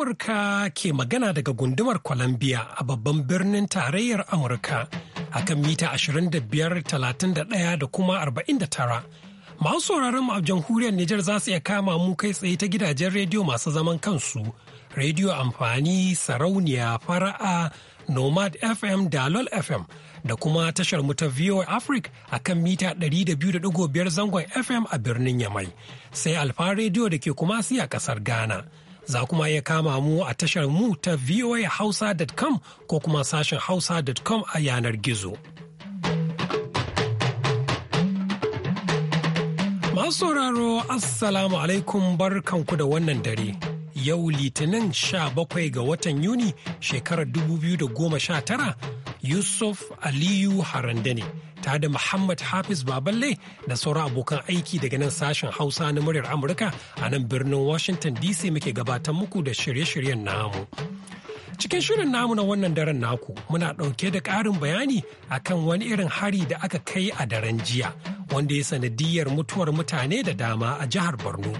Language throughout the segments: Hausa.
Amurka ke magana daga gundumar Columbia a babban birnin tarayyar Amurka a kan mita 25,31 da kuma 49. Masu sauraron mu a jamhuriyar Nijar za su iya kama mu kai tsaye ta gidajen rediyo masu zaman kansu, rediyo amfani, sarauniya, fara'a, Nomad FM da LOL FM da kuma tashar mu ta VOA Africa a kan mita 200.5 zangon FM a birnin Yamai, sai Alfa rediyo da ke kuma a kasar Ghana. za kuma iya kama mu a tashar mu ta voahausa.com ko kuma sashen hausa.com a yanar gizo. Masu sauraro Assalamu alaikum barkanku da wannan dare. yau litinin 17 ga watan yuni shekarar 2019 yusuf aliyu haranda ne tare da muhammad hafiz baballe da sauran abokan aiki daga nan sashen hausa na muryar amurka a nan birnin washington dc muke gabatar muku da shirye-shiryen namu cikin shirin namu na wannan daren naku muna ɗauke da ƙarin bayani akan wani irin hari da aka kai a daren jiya wanda ya sanadiyar mutuwar mutane da dama a jihar borno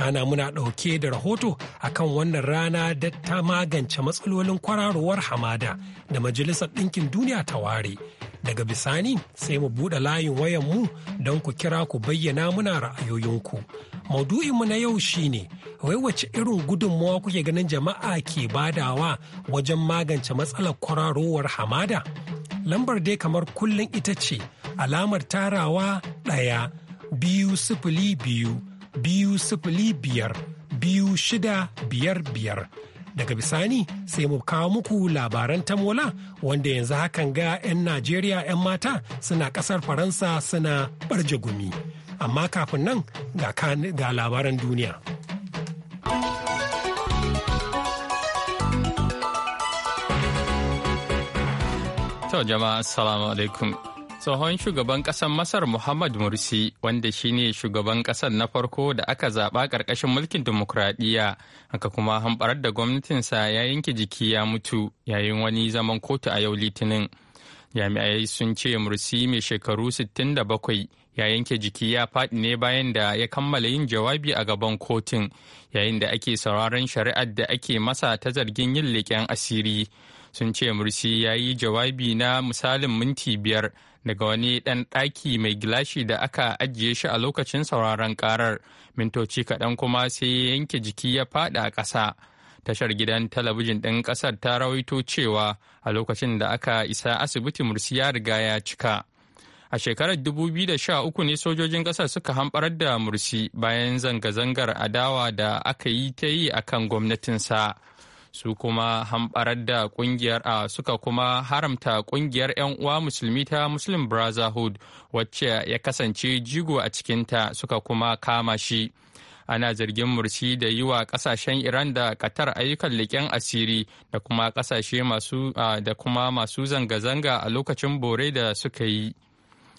kana muna ɗauke da rahoto akan wannan rana da ta magance matsalolin kwararowar hamada da majalisar ɗinkin duniya ta ware daga bisani sai mu buɗe layin wayan mu don ku kira ku bayyana muna ra'ayoyinku maudu'inmu na yau shine wai wace irin gudunmawa kuke ganin jama'a ke badawa wajen magance matsalar kwararowar hamada lambar dai kamar kullum ita ce alamar tarawa ɗaya biyu sifili biyu biyu sifili biyar biyu shida biyar biyar daga bisani sai mu kawo muku labaran tamola wanda yanzu hakan ga 'yan najeriya 'yan mata suna kasar faransa suna barje gumi amma kafin nan ga labaran duniya To jama'a assalamu alaikum tsohon shugaban ƙasar masar muhammad mursi wanda shine shugaban ƙasar na farko da aka zaɓa ƙarƙashin mulkin demokuraɗiyya aka kuma hamɓarar da gwamnatinsa ya yanke jiki ya mutu yayin wani zaman kotu a yau litinin jami'ai sun ce mursi mai shekaru 67 ya yanke jiki ya faɗi ne bayan da ya kammala yin jawabi a gaban kotun yayin da ake sauraron shari'ar da ake masa ta zargin yin leƙen asiri sun ce mursi ya yi jawabi na misalin minti biyar daga wani ɗan ɗaki mai gilashi da aka ajiye shi a lokacin sauraron karar mintoci kaɗan kuma sai yanke jiki ya faɗi a ƙasa tashar gidan talabijin ɗin ƙasar ta rawaito cewa a lokacin da aka isa asibiti mursi ya riga ya cika a shekarar 2013 ne sojojin ƙasar suka hamɓarar da mursi bayan zanga-zangar adawa da aka yi ta yi a kan gwamnatinsa su kuma hamɓarar da kungiyar a suka kuma haramta kungiyar 'yan uwa musulmi ta muslim brotherhood wacce ya kasance jigo a cikinta suka kuma kama shi ana zargin mursi da yi wa kasashen iran da ƙatar ayyukan leƙen asiri da kuma kasashe masu da kuma masu zanga-zanga a lokacin bore da suka yi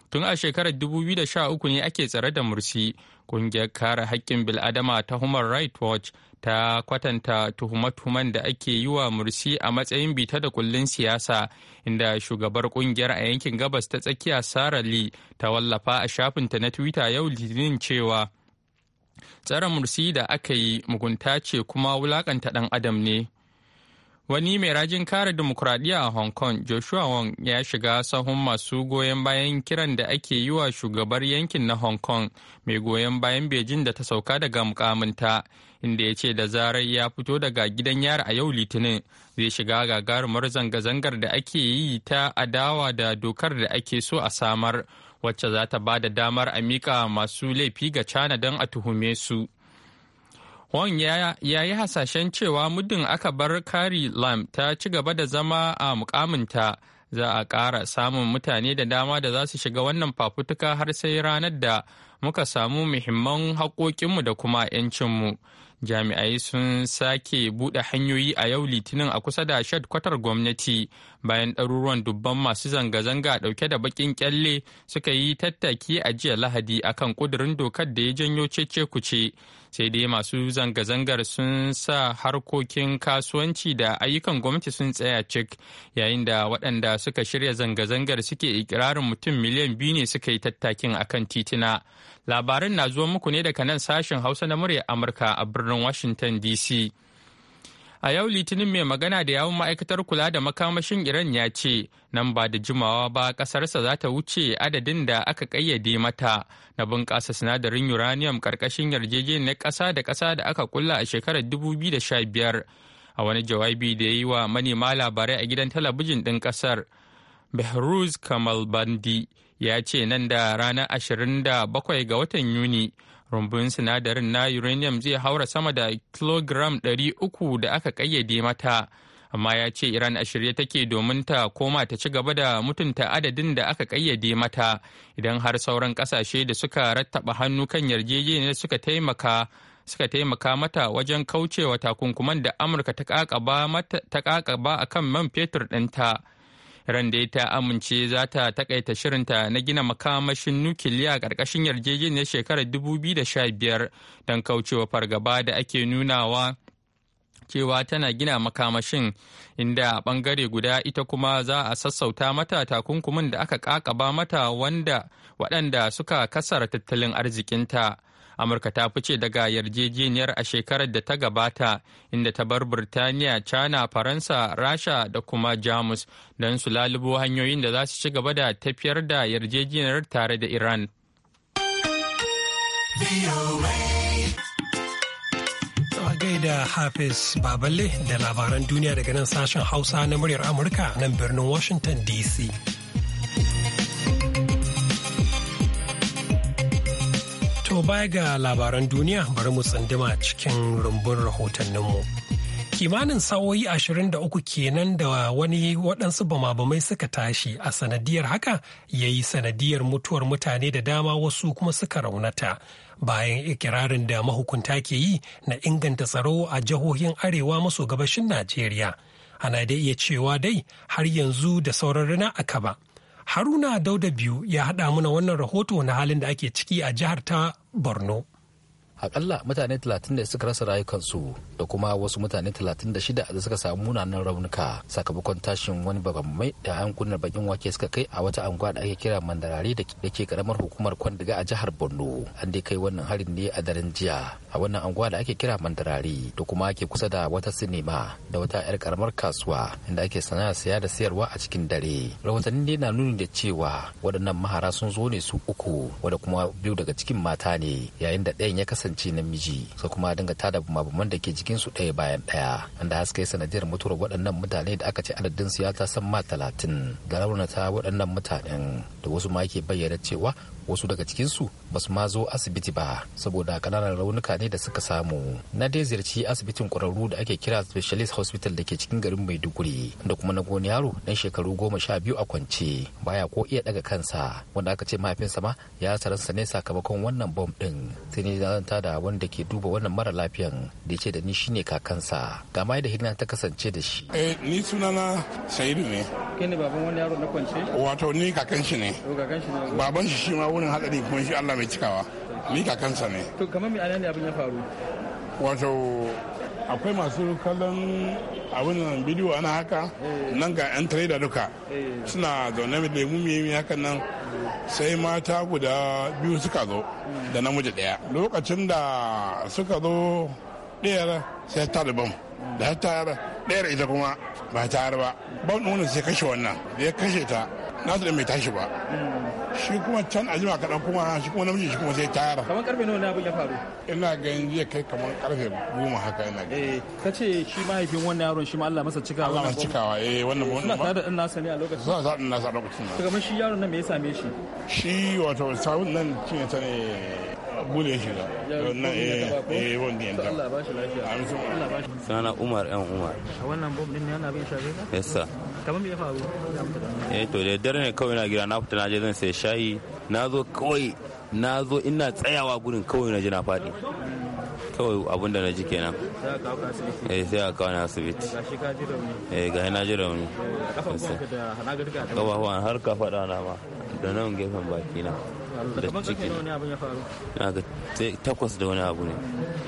tun a shekarar 2013 ne ake tsare da mursi ƙungiyar kare haƙƙin bil'adama ta human rights watch ta kwatanta tuhume-tuhumen da ake yi wa mursi a matsayin bita da kullun siyasa inda shugabar kungiyar a yankin gabas ta tsakiya sara lee ta wallafa a shafinta na twitter yau litinin cewa tsare mursi da aka yi mugunta ce kuma wulakanta dan adam ne Wani mai rajin kare demokuraɗiyya a Hong Kong, Joshua Wong, ya shiga sahun masu goyon bayan kiran da ake yi wa shugabar yankin na Hong Kong mai goyon bayan Beijing da ta sauka daga mukaminta, inda ya ce da zarar ya fito daga gidan yari a yau Litinin zai shiga gagarumar zanga-zangar da ake yi ta adawa da dokar da ake so a samar, wacce za ta ba da damar a miƙa masu laifi ga China don a tuhume su. Wong ya yi hasashen cewa muddin aka bar Kari Lam ta ci gaba da zama a mukaminta za a ƙara samun mutane da dama da za su shiga wannan fafutuka har sai ranar da muka samu muhimman haƙoƙinmu da kuma 'yancinmu. Jami'ai sun sake buɗe hanyoyi a yau litinin a kusa da shad kwatar gwamnati bayan ɗaruruwan dubban masu zanga-zanga ɗauke da baƙin ƙyalle suka yi tattaki a jiya lahadi akan ƙudurin dokar da ya janyo cece kuce sai dai masu zanga-zangar sun sa harkokin kasuwanci da ayyukan gwamnati sun tsaya cik yayin da waɗanda suka shirya zanga-zangar suke ikirarin mutum miliyan biyu ne suka yi tattakin akan titina labarin na zuwa muku ne daga nan sashen hausa na murya amurka a birnin washington dc A yau Litinin mai magana da yawun ma'aikatar kula da makamashin Iran ya ce, nan ba da jimawa ba ƙasarsa za ta wuce adadin da aka ƙayyade mata na bunƙasa sinadarin uranium ƙarƙashin yarjejeniyar ƙasa da ƙasa da aka kulla a shekarar 2015. A wani jawabi da ya yi wa manema labarai a gidan talabijin ɗin ƙasar, Behruz Kamalbandi ya ce nan da ranar 27 ga watan Yuni. rumbun sinadarin na uranium zai haura sama da kilogram 300 da aka kayyade mata amma ya ce iran a shirye take domin ta koma ta ci gaba da mutunta adadin da aka kayyade mata idan har sauran kasashe da suka rattaba hannu kan yarjejeniyar suka taimaka suka taimaka mata wajen kaucewa takunkuman da amurka ta kakaba a kan man fetur ɗinta. Iran ta amince za ta takaita shirinta na gina makamashin nukiliya ƙarƙashin yarjejeniyar shekarar 2015 don kaucewa fargaba da ake nunawa cewa tana gina makamashin inda a ɓangare guda ita kuma za a sassauta mata takunkumin da aka ƙaƙaba mata wanda waɗanda suka kasara tattalin arzikinta. amurka ta fice daga yarjejeniyar a shekarar da ta gabata inda ta bar birtaniya china faransa rasha da kuma jamus don su lalubo hanyoyin da za su ci gaba da tafiyar da yarjejeniyar tare da iran da Hafiz Baballe da labaran duniya daga nan sashen Hausa na muryar Amurka nan birnin Washington DC. baya ga labaran duniya bari mu tsindima cikin rumbun rahotanninmu. Kimanin sa'o'i 23 kenan da wani waɗansu bama-bamai suka tashi a sanadiyar haka ya yi sanadiyar mutuwar mutane da dama wasu kuma suka raunata. Bayan ikirarin da mahukunta ke yi na inganta tsaro a jihohin arewa maso gabashin Najeriya. Ana da iya cewa dai har yanzu da sauran rana aka ba. Haruna Dauda biyu ya haɗa mana wannan rahoto na halin da ake ciki a jihar ta Borno. akalla mutane 30 da suka rasa rayukansu da kuma wasu mutane 36 da suka samu munanan raunuka sakamakon tashin wani babban mai da yankunan bakin wake suka kai a wata anguwa da ake kira mandarari da ke karamar hukumar kwandiga a jihar borno an dai kai wannan harin ne a daren jiya a wannan anguwa da ake kira mandarari da kuma ake kusa da wata sinima da wata yar karamar kasuwa inda ake sana'a saya da sayarwa a cikin dare rahotanni ne na nuni da cewa waɗannan mahara sun zo ne su uku wanda kuma biyu daga cikin mata ne yayin da ɗayan ya kasance kasance namiji sai kuma dinga tada mabuman da ke jikinsu su ɗaya bayan ɗaya wanda haskai sanadiyar mutuwar waɗannan mutane da aka ce adadin su ya ta san ma talatin da raunata waɗannan mutanen da wasu ma ke bayyana cewa wasu daga cikinsu ba su ma zo asibiti ba saboda kananan raunuka ne da suka samu na dai ziyarci asibitin kwararru da ake kira specialist hospital da ke cikin garin maiduguri da kuma na goni yaro dan shekaru goma sha biyu a kwance baya ko iya daga kansa wanda aka ce mahaifinsa ma ya saransa ne sakamakon wannan bom din sai ne zanta da wanda ke duba wannan mara lafiyan da ce da ni shine kakansa ga mai da hidina ta kasance da shi eh ni sunana shaidu ne kene baban wani yaro na kwance wato ni kakan shi ne baban shi shi ma wurin hadari kuma shi Allah mai cikawa ni kakansa ne to kamar mai ne abin ya faru wato akwai masu kallon abin nan bidiyo ana haka eh. nan ga yan trader duka eh. suna zaune mai lemu mai hakan nan sai mata guda biyu suka zo hmm. da namiji daya lokacin da suka zo ɗayar sai ta da bamu hmm. da ta ɗayar ita kuma ba ta ba bam ɗin sai kashe wannan da ya kashe ta na da mai tashi ba hmm. shi kuma can a jima kaɗan kuma shi kuma namiji shi kuma sai tayara kamar karfe nawa na abin ya faru ina ganin zai kai kamar karfe goma haka ina ganin eh, ka ce shi mahaifin wannan yaron shi ma Allah masa cikawa Allah masa cikawa eh wannan ba wannan ba da ɗan nasa ne a lokacin suna sa ɗan nasa a lokacin shi yaron nan me ya same shi shi wato sawun nan cinye ta ne bule shi da wannan eh, eh Allah ba shi Umar ɗan Umar a wannan bomb din ne yana bin shafe ka yes sir kamar ya faru eh to da dare ne kawai na gida na fita na je sai shayi na zo kawai na zo ina tsayawa gurin kawai na ji na kawai abinda na ji kenan eh, sai a kawo na asibiti eh ga na ji rauni kafa ka ma da nan gefen baki na da ciki na ga takwas da wani abu ne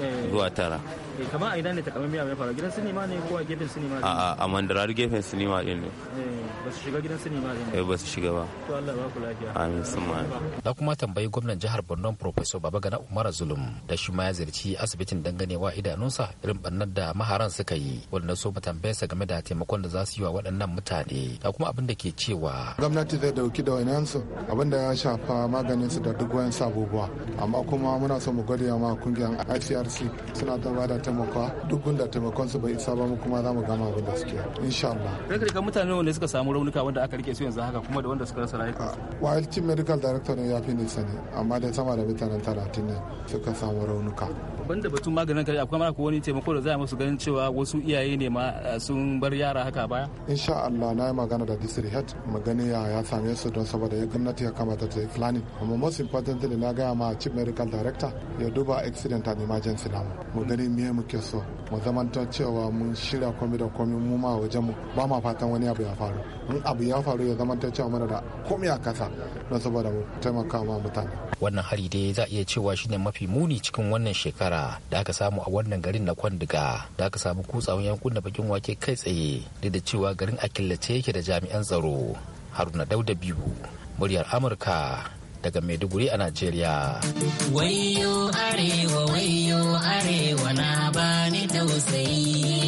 eh. zuwa tara eh, kamar a idan ne takamaimiyar abin ya faru gidan sinima ne ko a gefen sinima a a mandarar gefen sinima ne eh. ba su shiga gidan sinima ne eh, ba su shiga ba to Allah ba ku lafiya kuma tambayi gwamnan jihar Borno Professor Babagana Umar Zulum da shi ma ya zirci asibitin danganewa idanunsa irin bannan da maharan suka yi wanda so mu tambaye sa game da taimakon da za su yi wa waɗannan mutane da kuma abin da ke cewa gwamnati zai dauki da wayansu abin da ya shafa maganin su da duk wayan abubuwa amma kuma muna so mu gode ma kungiyar ICRC suna ta bada taimako duk gunda taimakon su bai isa ba mu kuma za mu gama abin da suke insha Allah mutane wanda suka samu raunuka wanda aka rike su yanzu haka kuma da wanda suka rasa rayukansu ah, while chief medical director ne ya fi nisa ne amma da sama da mutanen talatin ne suka samu raunuka banda batun maganin kare akwai mara wani taimako da za a musu ganin cewa wasu iyaye ne ma ah, sun bar yara haka baya insha Allah na yi magana da district head magani ya ya same su don saboda ya gwamnati ya kamata ta yi planning amma most ne na gaya ma chief medical director ya duba accident and emergency na mu gani me muke so mu zamanta cewa mun shirya komai da komai mu ma wajen mu ba ma fatan wani abu ya faru in abu ya faru ya zama ta cewa mana da komai a kasa don saboda taimaka ma mutane wannan hari dai za a iya cewa shine mafi muni cikin wannan shekara da aka samu a wannan garin na kwandiga da aka samu kutsawan yankunan bakin wake kai tsaye duk da cewa garin a killace yake da jami'an tsaro haruna dauda biyu muryar amurka daga maiduguri a najeriya wayo arewa wayo arewa na bani tausayi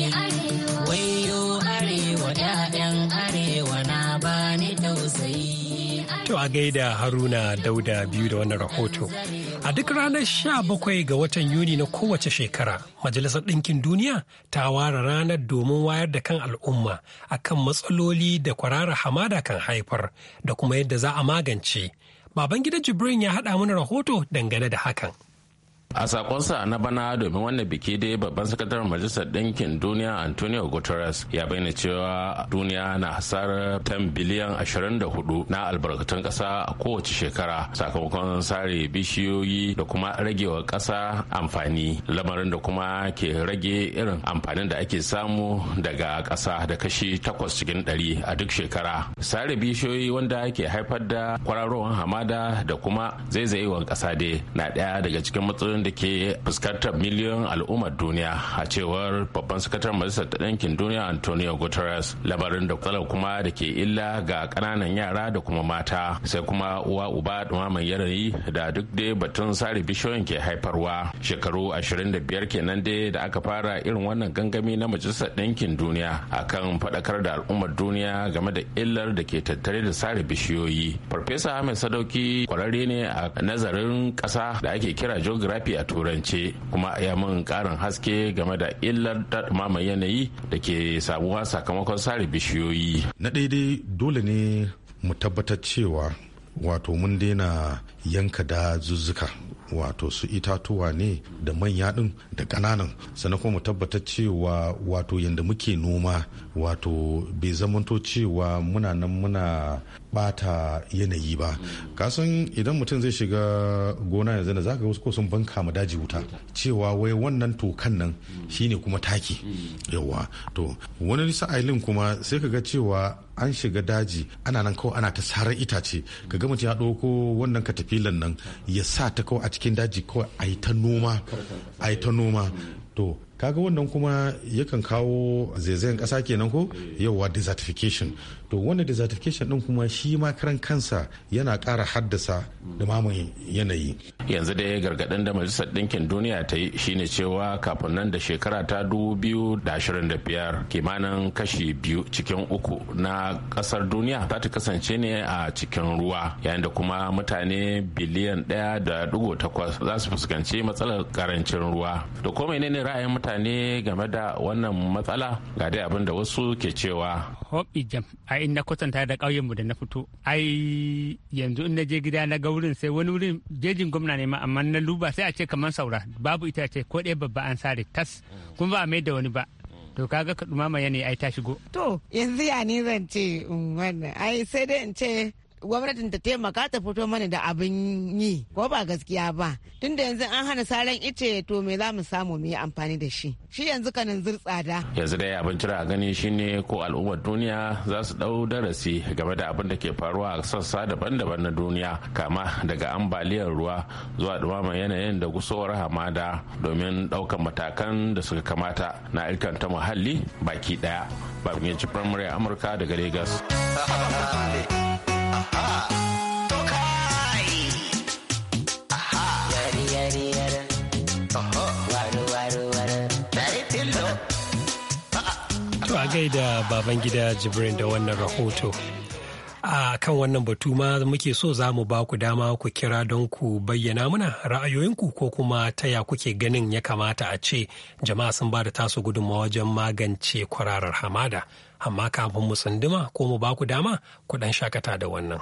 a gaida Haruna Dauda biyu da wani rahoto. A duk ranar sha bakwai ga watan Yuni na kowace shekara, Majalisar Ɗinkin Duniya ta ware ranar domin wayar da kan al'umma akan matsaloli da kwarara hamada kan haifar da kuma yadda za a magance. Babangida Jibrin ya haɗa mana rahoto dangane da hakan. a sakonsa na bana domin wannan biki dai babban sakataren majalisar ɗinkin duniya antonio guterres ya bayyana cewa duniya na hasarar tan biliyan 24 na albarkatun ƙasa a kowace shekara sakamakon sare bishiyoyi da kuma ragewa ƙasa amfani lamarin da kuma ke rage irin amfanin da ake samu daga ƙasa da kashi 8 cikin 100 a duk shekara sare bishiyoyi wanda ke haifar da kwararowar hamada da kuma zaizayewar ƙasa dai na ɗaya daga cikin matsalolin wanda ke fuskantar miliyon al'ummar duniya a cewar babban sakataren majalisar ɗinkin duniya antonio guterres labarin da kuma kuma da ke illa ga ƙananan yara da kuma mata sai kuma uwa uba ɗumaman yanayi da duk dai batun sare bishiyoyin ke haifarwa shekaru 25 kenan dai da aka fara irin wannan gangami na majalisar ɗinkin duniya akan faɗakar da al'ummar duniya game da illar da ke tattare da sare bishiyoyi farfesa ahmed sadauki kwararre ne a nazarin ƙasa da ake kira geography zafi a turance kuma ya mun karin haske game da illar ɗumamar yanayi da ke samuwa sakamakon sare bishiyoyi na daidai dole ne mu tabbatar cewa wato mun daina yanka da zuzzuka wato su itatuwa ne da manya din da ƙananan sannan kuma mu tabbatar cewa wato yadda muke noma wato bai zamanto cewa muna nan muna bata yanayi ba kasan idan mutum zai shiga gona yanzu na zaka wasu ko sun banka ma daji wuta cewa wai wannan tokan nan shine kuma taki yawa to wani ailin kuma sai ka ga cewa an shiga daji ana nan kawai ana ta sarar itace ka ga mutum ya ɗauko wannan katafilan nan ya sa ta kawai a cikin daji kawai a yi ta noma a yi ta noma to kaga wannan kuma yakan kawo zaizayen kasa kenan ko eh. yauwa desertification to wani desertification din kuma shi ma karan kansa yana kara haddasa dumamin yanayi yanzu da gargaɗin da majalisar ɗinkin duniya ta yi shine cewa kafin nan da shekara ta 2025 kimanin kashi biyu cikin uku na ƙasar duniya za ta kasance ne a cikin ruwa yayin da kuma mutane biliyan ɗaya da ɗigo takwas za su fuskanci matsalar karancin ruwa da ko menene ra'ayin mutane game da wannan matsala ga dai abin da wasu ke cewa jam a in na kwatanta da ƙauyenmu da na fito ai yanzu in na je gida na ga wurin sai wani wurin jejin gwamna ne ma amma na luba sai a ce kamar saura babu itace ko ɗaya babba an sare tas kuma ba a mai da wani ba to kaga ka dumama yanayi ai ta shigo to yanzu ya ni zan ce mm, wannan ai sai dai in ce gwamnatin ta taimaka ta fito mana da abin yi ko ba gaskiya ba tunda yanzu an hana saran ice to me za mu samu mu yi amfani da shi shi yanzu kanin zur tsada yanzu dai abin cira a gani shine ko al'ummar duniya za su dau darasi game da abin da ke faruwa a sassa daban-daban na duniya kama daga ambaliyar ruwa zuwa dumama yanayin da gusowar hamada domin daukan matakan da suka kamata na ilkanta muhalli baki daya babin yanci firamare amurka daga lagos To a gaida baban gida Jibrin da wannan rahoto. Kan wannan batu ma muke so za mu ba ku dama ku kira don ku bayyana muna ra'ayoyinku ko kuma ta ya kuke ganin ya kamata a ce jama'a sun ba da tasu gudunmawa wajen magance kwararar hamada amma kafin mu tsunduma ko mu ba ku dama ku ɗan shakata da wannan.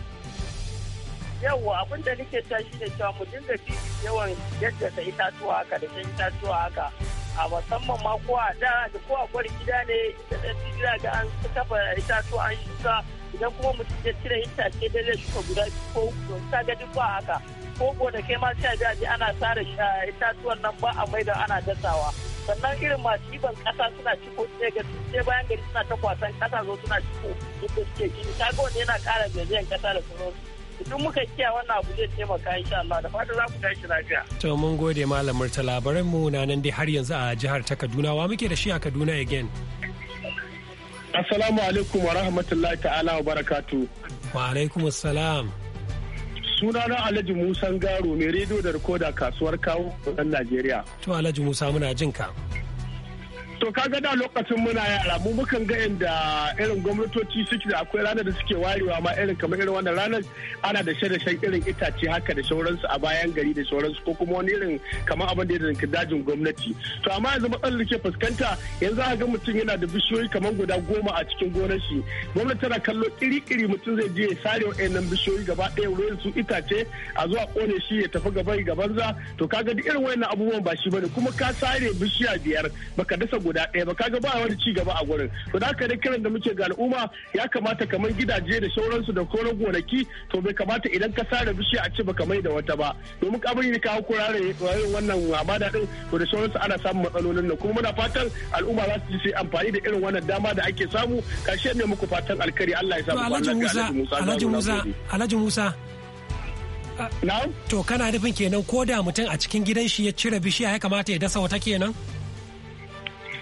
yawa abin da nake ta shi ne cewa mu dinga bi yawan yadda ta itatuwa haka da ta itatuwa haka a musamman ma ko a da da ko a kwari gida ne da ɗan gida ga an kafa itatuwa an shuka idan kuma mutum ya cire itace da zai shuka guda ko ta ga duk ba haka ko da kai ma sai a ji ana sare itatuwan nan ba a da ana dasawa sannan irin masu iban kasa suna ciko sai ga sai bayan gari suna ta kwasan kasa zo suna ciko duk da suke gini kaga wanda yana kara jajayen kasa da sauransu Idan muka kiya wannan abu zai taimaka insha Allah da fata za ku tashi lafiya. To mun gode malam Murtala labaran mu na nan dai har yanzu a jihar ta Kaduna wa muke da shi a Kaduna again. Assalamu alaikum wa rahmatullahi ta'ala wa barakatu. Wa alaikum assalam. Sunana Alhaji Musa Garo mai rediyo da rikoda kasuwar kawo nan Najeriya. To Alhaji Musa muna jin ka. To kaga da lokacin muna yara mu mukan ga inda irin gwamnatoci suke da akwai ranar da suke warewa ma irin kamar irin wannan ranar ana da shan irin itace haka da sauransu a bayan gari da sauransu ko kuma wani irin kamar abin da ya zanka dajin gwamnati. To amma yanzu matsalar da ke fuskanta yanzu a ga mutum yana da bishiyoyi kamar guda goma a cikin gonar shi. Gwamnati tana kallo kiri-kiri mutum zai je ya sare wa'annan bishiyoyi gaba ɗaya ruwan su itace a zuwa kone shi ya tafi gaban gabanza to kaga duk irin wayannan abubuwan ba shi bane kuma ka sare bishiya biyar baka dasa guda ɗaya ba kaga ba wani ci gaba a gurin to da haka dai kiran da muke ga al'umma ya kamata kamar gidaje da sauransu da koran gonaki to bai kamata idan ka sare bishiya a ci ba kamar da wata ba domin kabari yi kawo kurare wannan hamada din to da sauransu ana samun matsalolin nan kuma muna fatan al'umma za su ji amfani da irin wannan dama da ake samu karshe ne muku fatan alkari Allah ya samu Alhaji Musa Alhaji Musa Alhaji Musa To kana nufin kenan ko da mutum a cikin gidan shi ya cire bishiya ya kamata ya dasa wata kenan?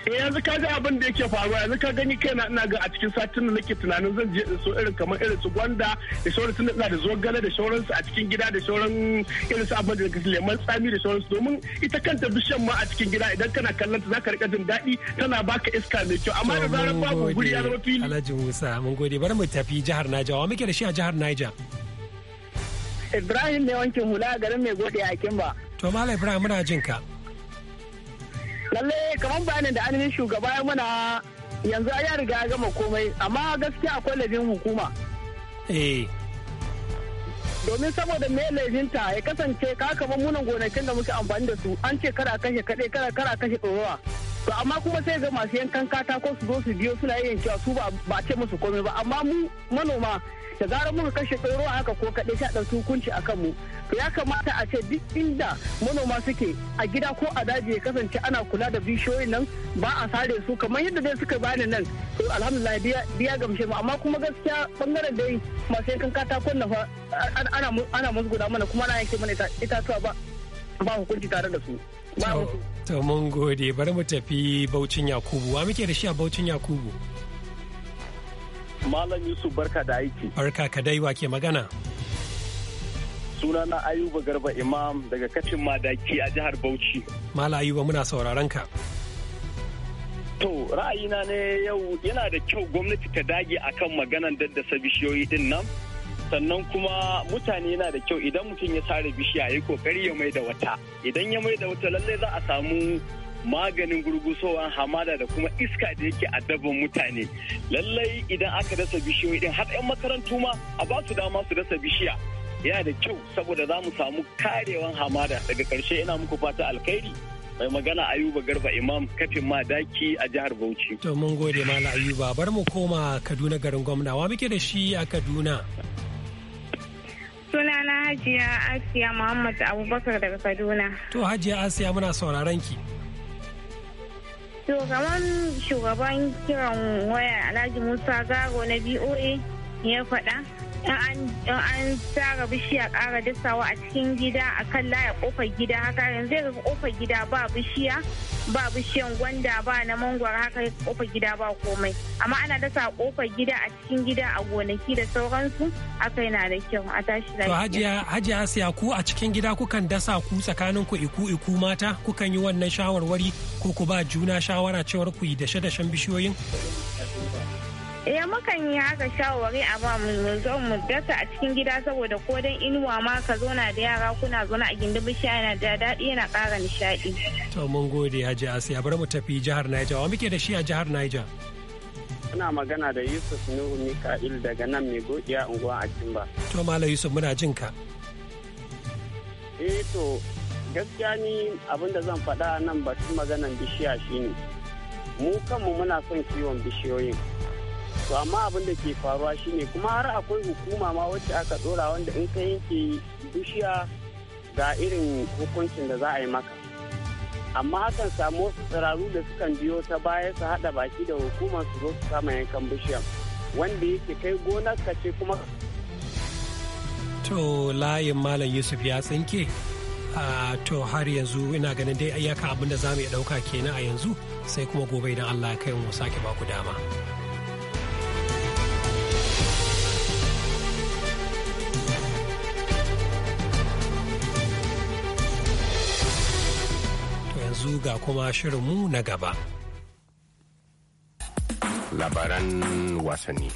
eh yanzu ka ga abin da yake faruwa yanzu ka gani kaina ina ga a cikin satin da nake tunanin zan je so irin kamar irin su gwanda da shawarar tun ina da zogale da shawarar su a cikin gida da shawarar irin su abin da lemon tsami da shawarar su. domin ita kanta bishiyan ma a cikin gida idan kana kallon ta zaka rika jin daɗi tana baka iska mai kyau amma da zarar babu guri ya zama fili Alhaji Musa mun gode bari mu tafi jihar Niger wa muke da shi a jihar Niger Ibrahim ne wankin hula garin mai gode a Kimba To Malam Ibrahim muna jin ka lalle kamar bayanin da ainihin shugaba ya mana yanzu ya riga ya gama komai amma gaskiya akwai laifin hukuma eh domin saboda me laifinta ya kasance ka kama munan gonakin da muke amfani da su an ce kara kashe kaɗai kara kara kashe ɗorowa to amma kuma sai ga masu yankan katako su zo su biyo suna yin yankewa su ba ce musu komai ba amma mu manoma da zarar muka kashe ɗoro haka ko kaɗai sai a ɗauki hukunci a kanmu to ya kamata a ce duk inda manoma suke a gida ko a daji ya kasance ana kula da bishiyoyin nan ba a sare su kamar yadda dai suka bani nan to alhamdulillah biya gamshe mu amma kuma gaskiya bangaren dai masu yankan katakon na fa ana musguda mana kuma ana yanke mana itatuwa ba ba hukunci tare da su ba mun gode bari mu tafi Baucin Yakubu wa muke da shi a Baucin Yakubu Malam Yusuf barka da aiki. Barka ka dai ke magana. Sunana Ayuba Garba Imam daga kacin madaki a jihar Bauchi. Malam Ayuba muna sauraron ka. To ra'ayina ne yau yana da kyau gwamnati ta dage akan maganan daddasa bishiyoyi din nan. sannan kuma mutane yana da kyau idan mutum ya sare bishiya ya yi kokari ya mai da wata idan ya mai da wata lallai za a samu maganin gurgusowan hamada da kuma iska da yake addaban mutane lallai idan aka dasa bishiyoyi din har 'yan makarantu ma a ba su dama su dasa bishiya yana da kyau saboda za mu samu karewan hamada daga karshe ina muku fata alkhairi mai magana ayuba garba imam kafin ma daki a jihar bauchi to mun gode mala ayuba bar mu koma kaduna garin gwamna wa muke da shi a kaduna sunana hajiya asiya muhammad abubakar daga kaduna to hajiya asiya muna sauraron ki To kamar shugaban kiran waya Alhaji Musa Gago na BOA ya faɗa in an tsara bishiya kara dasawa a cikin gida a kan laya kofar gida haka yanzu ya kofar gida ba bishiya ba bishiyan gwanda ba na mangwar haka kofar gida ba komai amma ana dasa kofar gida a cikin gida a gonaki da sauransu haka yana da kyau a tashi lafiya. to hajiya hajiya siya ku a cikin gida kukan dasa ku tsakanin ku iku iku mata kukan yi wannan shawarwari ko ku ba juna shawara cewar ku yi dashe dashen bishiyoyin. Ya eh, mukan yi haka shawarwari a ba mu zo mu dasa a cikin gida saboda ko dan inuwa ma ka zauna da yara kuna zauna a gindin bishiya yana da daɗi yana ƙara nishaɗi. To mun gode Asi a bar mu tafi jihar Niger. Wa muke da shi a jihar Niger? Muna magana da Yusuf Nuhu Mika'il daga nan mai godiya unguwa a Kimba. To Malam Yusuf muna jin ka. Eh to gaskiya ni abin da zan faɗa nan batun maganan bishiya shine mu kanmu muna son kiwon bishiyoyin to amma abin da ke faruwa shine kuma har akwai hukuma ma wacce aka dora wanda in ka yanke bishiya ga irin hukuncin da za a yi maka amma akan samu wasu tsiraru da sukan biyo ta baya su haɗa baki da hukumar su zo su kama yankan bishiyan wanda yake kai gonar ka ce kuma to layin malam yusuf ya tsinke to har yanzu ina ganin dai abin abinda za mu iya ɗauka kenan a yanzu sai kuma gobe idan allah ya kai mu sake baku dama. ga kuma shirinmu na gaba. Labaran wasanni.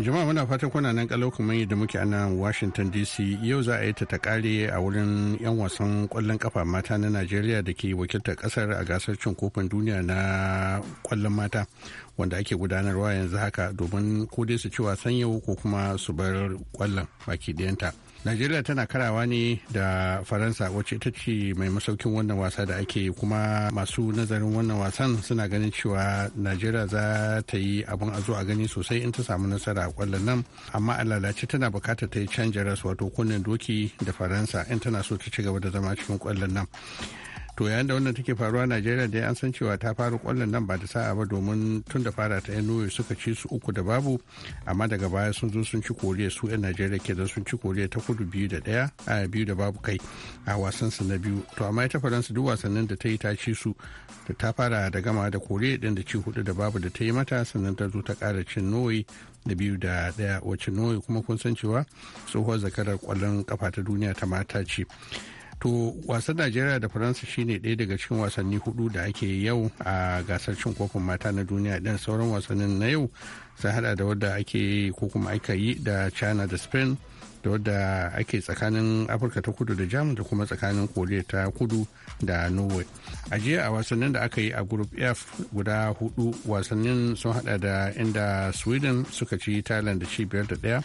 Jama'a muna fatan kuna nan kalau da muke ana Washington DC yau za a yi ta kare a wurin 'yan wasan kwallon kafa mata na Najeriya da ke wakiltar kasar a gasar cin kofin duniya na kwallon mata wanda ake gudanarwa yanzu haka domin ko dai su ci wasan yau ko kuma su bar kwallon baki ɗayanta. najeriya tana karawa ne da faransa wacce ita ce mai masaukin wannan wasa da ake kuma masu nazarin wannan wasan suna ganin cewa najeriya za ta yi abin a zo a gani sosai in ta samu nasara a kwallon nan amma a lalace tana bukatar ta yi canja ras wato kunnen doki da faransa in tana so ta ci gaba da zama cikin kwallon nan to yayin da wannan take faruwa najeriya da an san cewa ta fara kwallon nan ba da sa'a ba domin tun da fara ta yan suka ci su uku da babu amma daga baya sun zo sun ci koriya su yan najeriya ke sun ci koriya ta kudu biyu da daya a biyu da babu kai a wasan su na biyu to amma ita faransa duk wasannin da ta yi ta ci su ta fara da gama da koriya din da ci hudu da babu da ta yi mata sannan ta zo ta kara cin norway da biyu da daya wacce norway kuma kun san cewa tsohuwar zakarar kwallon kafa ta duniya ta mata ce to wasan najeriya da faransa shine ɗaya daga cikin wasanni hudu da ake yau a gasar cin kofin mata na duniya idan sauran wasannin na yau sun hada da wadda ake ko kuma aka yi da china da spain da wadda ake tsakanin afirka ta kudu da jamus da kuma tsakanin koriya ta kudu da norway a jiya a wasannin da aka yi a group f guda hudu wasannin sun hada da inda sweden suka ci thailand da ci biyar da daya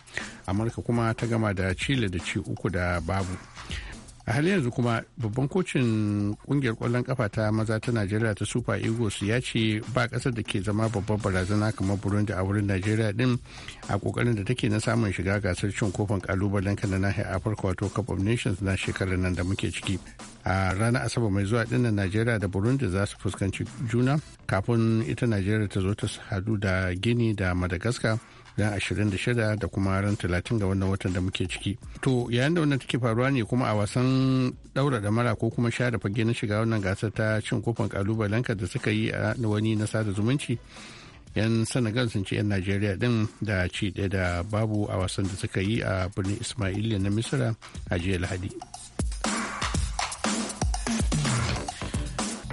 amurka kuma ta gama da chile da ci uku da babu a halin yanzu kuma babban kocin kungiyar kwallon kafa ta maza ta najeriya ta super eagles ya ce ba kasar da ke zama babbar barazana kamar burundi a wurin najeriya din a kokarin da take na samun shiga gasar cin kofin kalubalen kan na nahiyar afirka wato cup of nations na shekarar nan da muke ciki a ranar asabar mai zuwa din najeriya da burundi za su fuskanci juna kafin ita najeriya ta zo ta hadu da gini da madagascar ran 26 da kuma ran 30 ga wannan watan da muke ciki to yayin da wannan take faruwa ne kuma a wasan daura da mara ko kuma share fage na shiga wannan gasar ta cin kofin kalubalenka da suka yi a wani na sada zumunci yan senegal sun ce yan najeriya din da ci daya da babu a wasan da suka yi a birnin ismailiya na misira a jiya lahadi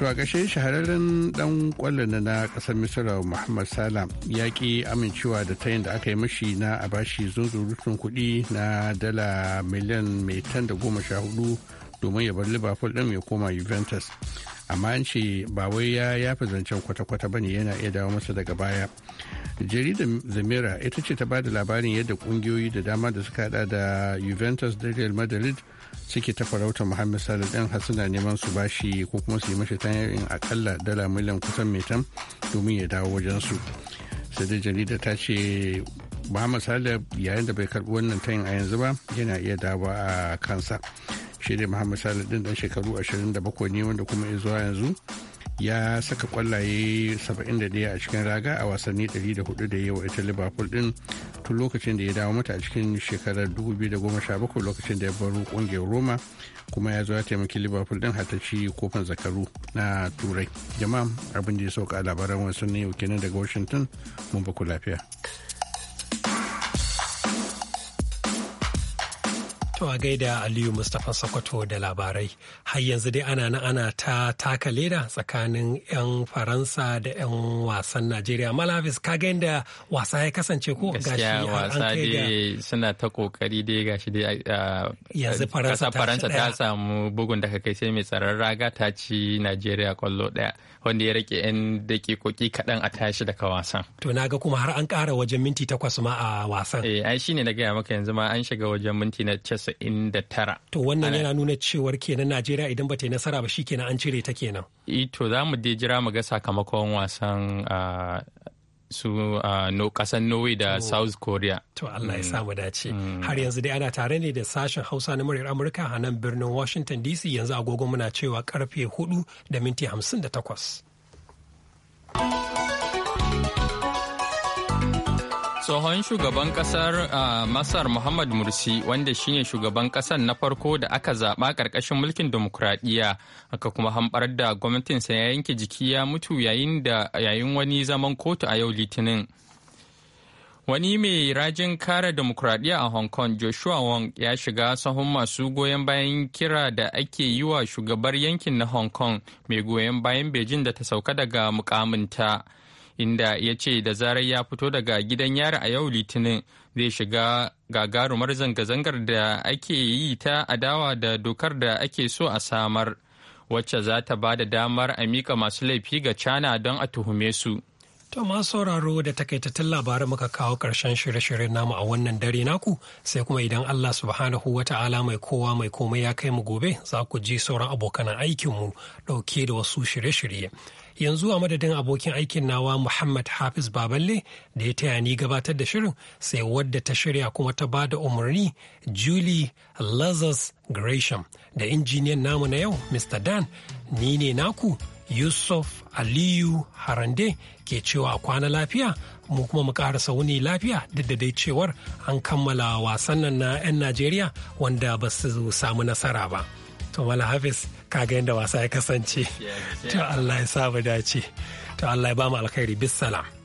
to a shahararren ɗan kwallon na kasar misira muhammad salam ya ki amincewa da ta da aka yi mashi na a bashi rufin kuɗi na dala miliyan mai tan da goma sha hudu domin ya bar liverpool din ya koma juventus amma an ce ba wai ya yafi zancen kwata-kwata ba ne yana iya dawo masa daga baya jaridar zamira ita ce ta ba da labarin yadda kungiyoyi da dama da suka hada da juventus da real madrid suke ta farautar muhammad sale ɗin hasuna neman su bashi ko kuma su yi mashi tayarin akalla dala miliyan kusan metan domin ya dawo wajensu sai da jarida ta ce muhammad sale yayin da bai karɓi wannan tayin a yanzu ba yana iya dawo a kansa shi dai muhammad sale ɗin ɗan shekaru 27 ne wanda kuma ya zuwa yanzu ya saka kwallaye 71 a cikin raga a wasanni 104 da wa ita liverpool din tun lokacin da ya dawo mata a cikin shekarar 2017 lokacin da ya baro kungiyar roma kuma ya zo ya taimaki liverpool din hata ci kofin zakaru na turai jama'a abin da ya sauka labaran ne yau kenan daga washington mun baku lafiya To a gaida Aliyu Mustapha Sokoto da labarai. Har yanzu dai ana nan ana ta taka leda tsakanin 'yan Faransa da 'yan wasan Najeriya. Malavis ka ga inda wasa ya kasance ko gashi an kai suna ta kokari dai gashi dai yanzu Faransa ta Faransa ta samu bugun da kai sai mai tsaron raga ta ci Najeriya kwallo daya wanda ya rike 'yan dakikoki kaɗan a tashi daga wasan. To na ga kuma har an ƙara wajen minti takwas ma a wasan. Eh ai shine na gaya maka yanzu ma an shiga wajen minti na chess 99. To wannan yana nuna cewar kenan Najeriya idan ba ta yi nasara ba shi kenan an cire ta kenan. Eh, to za mu je jira mu ga sakamakon wasan ah, su kasan ah, norway da oh. south korea to allah ya mm. samu dace mm. har yanzu dai ana tare ne da sashen hausa na muryar amurka a nan birnin washington dc yanzu agogo muna cewa karfe 4 da minti 58 tsohon shugaban kasar masar muhammad mursi wanda shine shugaban kasar na farko da aka zaɓa ƙarƙashin mulkin demokuraɗiyya aka kuma hamɓar da gwamnatinsa ya yanke jiki ya mutu yayin wani zaman kotu a yau litinin wani mai rajin kare demokuraɗiyya a hong kong joshua wong ya shiga sahun masu goyon bayan kira da ake yi wa shugabar yankin na hong kong mai goyon bayan beijing da ta sauka daga mukaminta. inda ya ce da zarar ya fito daga gidan yari a yau litinin zai shiga gagarumar zanga-zangar da ake yi ta adawa da dokar da ake so a samar wacce za ta ba da damar a mika masu laifi ga cana don a tuhume su. To ma sauraro da takaitattun labarai muka kawo ƙarshen shirye-shiryen namu a wannan dare naku sai kuma idan Allah subhanahu wa ta'ala mai kowa mai komai ya kai mu gobe za ku ji sauran abokanan aikinmu ɗauke da wasu shirye-shirye. yanzu a madadin abokin aikin nawa Muhammad Hafiz Baballe da ya taya ni gabatar da shirin sai wadda ta shirya kuma ta bada umarni Julie Lazarus Gresham da injiniyan namu na yau Mr. Dan ni ne naku Yusuf Aliyu Harande ke cewa kwana lafiya mu kuma mu karasa wuni lafiya duk da dai cewar an kammala wasan nan na 'yan Najeriya wanda ba su samu nasara ba. To Hafiz. kaga yadda wasa ya kasance ta Allah ya sa mu dace ta Allah ya ba mu alkhairi bisalam